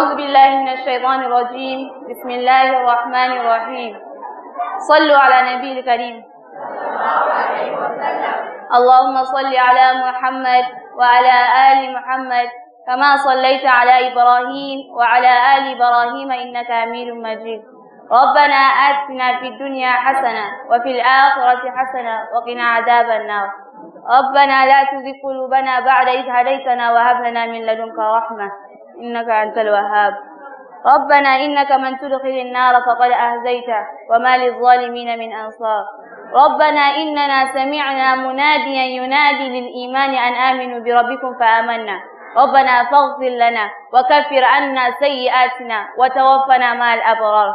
أعوذ بالله من الشيطان الرجيم بسم الله الرحمن الرحيم صلوا على نبي الكريم اللهم صل على محمد وعلى آل محمد كما صليت على إبراهيم وعلى آل إبراهيم إنك أمير مجيد ربنا آتنا في الدنيا حسنة وفي الآخرة حسنة وقنا عذاب النار ربنا لا تزغ قلوبنا بعد إذ هديتنا وهب لنا من لدنك رحمة إنك أنت الوهاب ربنا إنك من تدخل النار فقد أهزيته وما للظالمين من أنصار ربنا إننا سمعنا مناديا ينادي للإيمان أن آمنوا بربكم فآمنا ربنا فاغفر لنا وكفر عنا سيئاتنا وتوفنا مع الأبرار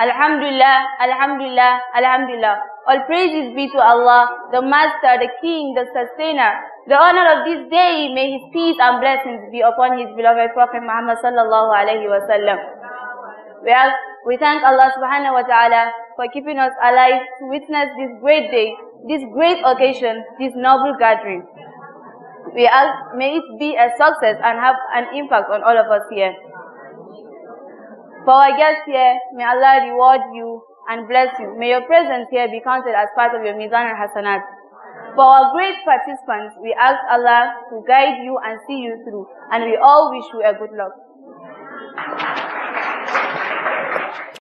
الحمد لله الحمد لله الحمد لله All praises be to Allah, the Master, the King, the Sustainer, The honor of this day, may his peace and blessings be upon his beloved Prophet Muhammad sallallahu alayhi wa sallam. ask we thank Allah subhanahu wa ta'ala for keeping us alive to witness this great day, this great occasion, this noble gathering. We ask, may it be a success and have an impact on all of us here. For our guests here, may Allah reward you and bless you. May your presence here be counted as part of your Mizan al-Hasanat. For our great participants, we ask Allah to guide you and see you through, and we all wish you a good luck.